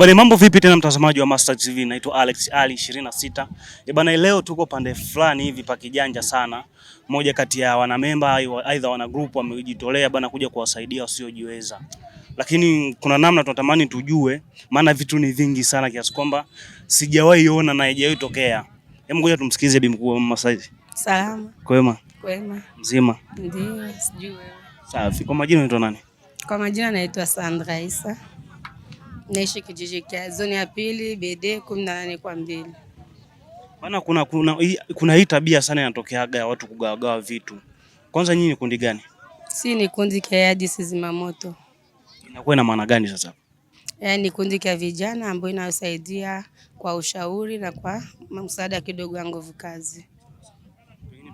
Bale mambo vipi tena mtazamaji wa Master TV, naitwa Alex Ali 26. Eh, bana leo tuko pande fulani hivi pa kijanja sana. Moja kati ya wanamemba aidha wana group wamejitolea bana kuja kuwasaidia wasiojiweza. Lakini kuna namna tunatamani tujue, maana vitu ni vingi sana kiasi kwamba sijawahi ona na haijawahi tokea. Hebu ngoja tumsikilize bibi mkubwa Mama Said. Salama. Kwema. Kwema. Mzima. Ndio, sijui wewe. Safi. Kwa majina unaitwa nani? Kwa majina naitwa Sandra Isa naishi kijiji cha zoni ya pili BD kumi kwa mbili. Maana kuna, kuna, kuna hii tabia sana inatokeaga ya watu kugawagawa vitu. Kwanza nyinyi ni kundi gani? Si ni kundi ka Yadisi Zimamoto. Inakuwa na maana gani sasa? Yaani kundi kya vijana ambayo inayosaidia kwa ushauri na kwa msaada kidogo ya nguvu kazi.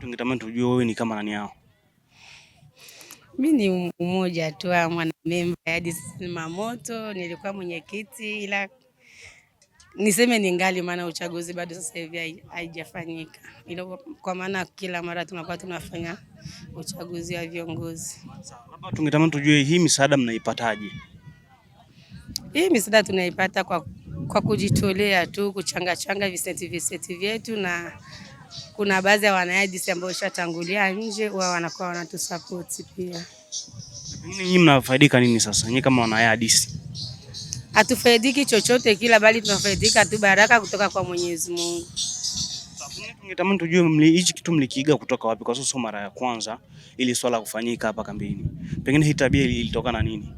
Tungetamani tujue wewe ni kama nani yao? Mi ni mmoja tu mwanamemba hadi Zimamoto, nilikuwa mwenyekiti, ila niseme ni ngali, maana uchaguzi bado sasa hivi haijafanyika, ila kwa maana kila mara tunakuwa tunafanya uchaguzi wa viongozi. Labda tungetamani tujue hii misaada mnaipataje? Hii misaada tunaipata kwa, kwa kujitolea tu kuchangachanga visenti visenti vyetu na kuna baadhi ya wanayajisi ambao ushatangulia nje wao wanakuwa wanatusupport pia. Nyinyi mnafaidika nini sasa nyinyi kama wanayadisi? Hatufaidiki chochote kila, bali tunafaidika tu baraka kutoka kwa Mwenyezi Mungu. Tungetamani tujue hichi kitu mlikiiga kutoka wapi, kwa sababu sio mara ya kwanza ili swala kufanyika hapa kambini. Pengine hii tabia ilitokana nini?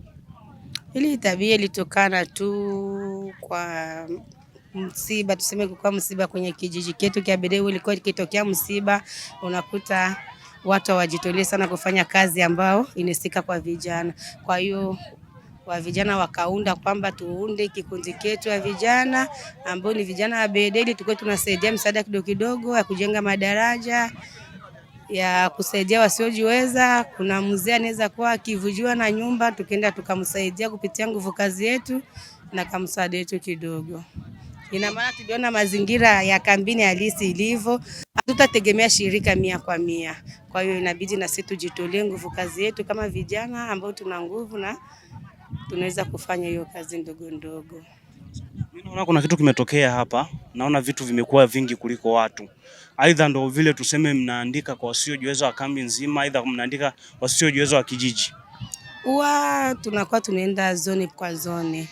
Ili tabia ilitokana tu kwa msiba, tuseme kulikuwa msiba kwenye kijiji chetu kia Bedewe, ilikuwa ikitokea msiba unakuta watu hawajitolee sana kufanya kazi ambao inesika kwa vijana. Kwa hiyo wa vijana wakaunda kwamba tuunde kikundi chetu ya vijana ambao ni vijana wa Bedeli, tulikuwa tunasaidia msaada kidogo kidogo ya kujenga madaraja ya kusaidia wasiojiweza. Kuna mzee anaweza kuwa akivujiwa na nyumba, tukenda tukamsaidia kupitia nguvu kazi yetu na kamsaada yetu kidogo. Ina maana tuliona mazingira ya kambini halisi ilivyo, hatutategemea shirika mia kwa mia. Kwa hiyo inabidi na sisi tujitolee nguvu kazi yetu kama vijana ambao tuna nguvu na tunaweza kufanya hiyo kazi ndogo ndogo. Naona kuna kitu kimetokea hapa, naona vitu vimekuwa vingi kuliko watu. Aidha ndo vile tuseme, mnaandika kwa wasiojiweza wa kambi nzima, aidha mnaandika wasiojiweza wa kijiji. Huwa tunakuwa tunaenda zone kwa zone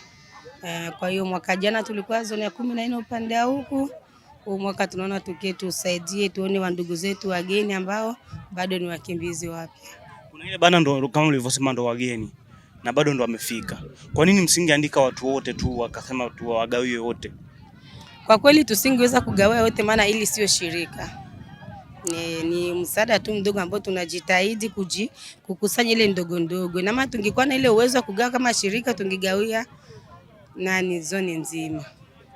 Eh, kwa hiyo mwaka jana tulikuwa zone ya kumi na nne upande wa huku, huu mwaka tunaona tukie, tusaidie tuone wandugu zetu wageni ambao bado ni wakimbizi wapya. Kuna ile bana ndo kama ulivyosema ndo wageni na bado ndo wamefika. Kwa nini msingeandika watu wote tu wakasema tu wagawie wote? Kwa kweli tusingeweza kugawia wote, maana hili sio shirika ni, ni msaada tu mdogo ambao tunajitahidi kuji kukusanya ile ndogo ndogo, na maana tungekuwa na ile uwezo wa kugawa kama shirika tungigawia nani zoni nzima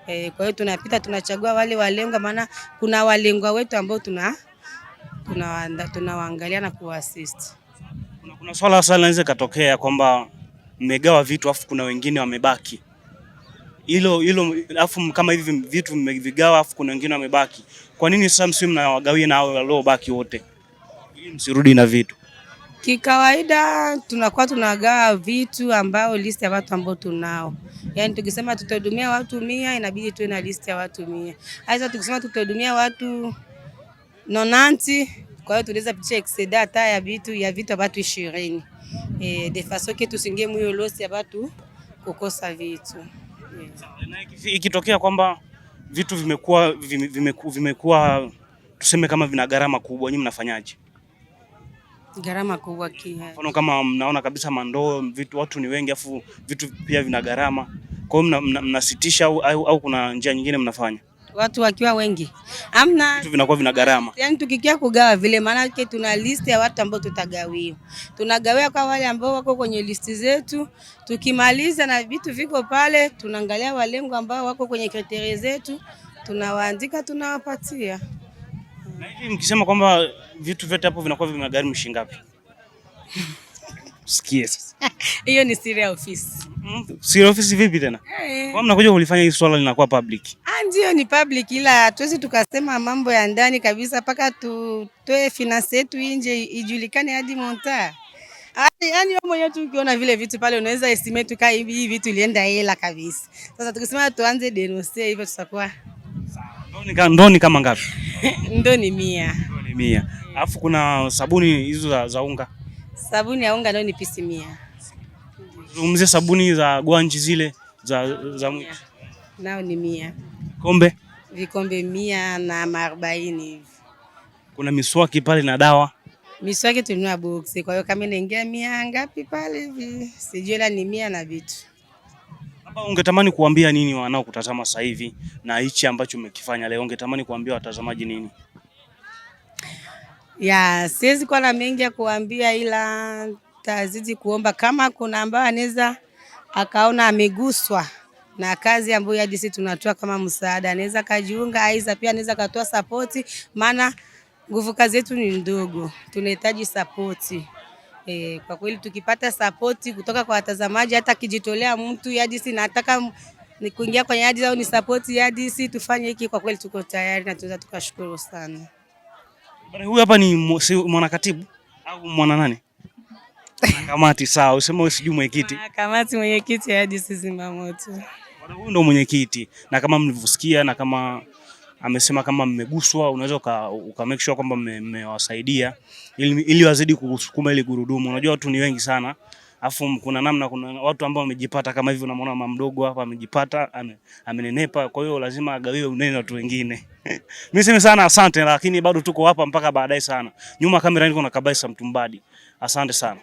e. Kwa hiyo tunapita tunachagua wale walengwa, maana kuna walengwa wetu ambao tuna tunawaangalia tuna na kuassist. Kuna, kuna swala sasa linaweza katokea kwamba mmegawa vitu afu kuna wengine wamebaki hilo hilo, afu kama hivi vitu mmevigawa afu kuna wengine wamebaki, kwa nini sasa msiwe mnawagawia na hao waliobaki wote ili msirudi na vitu? Kikawaida tunakuwa tunagawa vitu ambao listi ya watu ambao tunao, yaani tukisema tutahudumia watu mia inabidi tuwe na listi ya watu mia. Aidha tukisema tutahudumia watu nonanti, kwa hiyo tunaweza pitisha exceda hata ya vitu ya vitu watu ishirini e, de façon que tusingie mwiyo losi ya watu kukosa vitu yeah. Ikitokea kwamba vitu vimekuwa vimekuwa vime, vime tuseme kama vina gharama kubwa, nyinyi mnafanyaje? Gharama kubwa kia. Mfano kama mnaona kabisa mandoo vitu watu ni wengi afu vitu pia vina gharama. Kwa hiyo mnasitisha mna, mna au, au kuna njia nyingine mnafanya? Watu wakiwa wengi. Amna vitu vinakuwa vina gharama. Yaani tukikia kugawa vile maana yake tuna list ya watu ambao tutagawia. Tunagawia kwa wale ambao wako kwenye listi zetu. Tukimaliza na vitu viko pale tunaangalia walengo ambao wako kwenye kriteria zetu. Tunawaandika tunawapatia. Na hivi mkisema kwamba vitu vyote hapo vinakuwa vimegharimu shilingi ngapi? Sikie sasa. Hiyo ni siri ya ofisi. Mm, siri ya ofisi vipi tena? Eh. Kwa mnakuja kulifanya hii swala linakuwa public. Ah, ndio ni public ila tuwezi tukasema mambo ya ndani kabisa mpaka tutoe finance yetu nje ijulikane hadi monta. Yaani wewe mwenyewe tu ukiona vile vitu pale unaweza estimate kaa hivi hivi vitu ilienda hela kabisa. Sasa tukisema tuanze denoncer hivyo tutakuwa. Ndoni Ndio kama ngapi? ndo ni mia ndo ni mia. Alafu kuna sabuni hizo za, za unga sabuni ya unga ndio ni pisi mia. Zungumzie sabuni za gwanji zile za, za mwiki nao ni mia. Kombe vikombe mia na maarobaini hivi. Kuna miswaki pale na dawa miswaki tulinua boksi, kwa hiyo kama inaingia mia ngapi pale hivi sijui, ila ni mia na vitu hapa ungetamani kuambia nini wanaokutazama sasa hivi na hichi ambacho umekifanya leo, ungetamani kuambia watazamaji nini? Ya, siwezi kuwa na mengi ya kuambia, ila tazidi kuomba kama kuna ambaye anaweza akaona ameguswa na kazi ambayo hadi sisi tunatoa kama msaada, anaweza kajiunga, aidha pia anaweza katoa sapoti, maana nguvu kazi yetu ni ndogo, tunahitaji sapoti. E, kwa kweli tukipata sapoti kutoka kwa watazamaji, hata akijitolea mtu Yadisi na nataka kuingia kwenye Yadisi au ni sapoti Yadisi, tufanye hiki, kwa kweli tuko tayari na tunaweza tukashukuru sana. Huyu hapa ni mwanakatibu au mwana nani? Kamati sawa, usema sijui mwenyekiti. Kamati mwenyekiti Yadisi Zimamoto. Huyu ndo mwenyekiti na kama mlivyosikia na kama amesema kama mmeguswa, unaweza uka make sure kwamba mmewasaidia ili, ili wazidi kusukuma ili gurudumu. Unajua watu ni wengi sana, afu kuna namna, kuna watu ambao wamejipata kama hivi, unamwona mama mdogo hapa amejipata, amenenepa, kwa hiyo lazima agawiwe unene watu wengine. Mimi sema sana asante, lakini bado tuko hapa mpaka baadaye sana. Nyuma kamera niko na Kabaisa Mtumbadi, asante sana.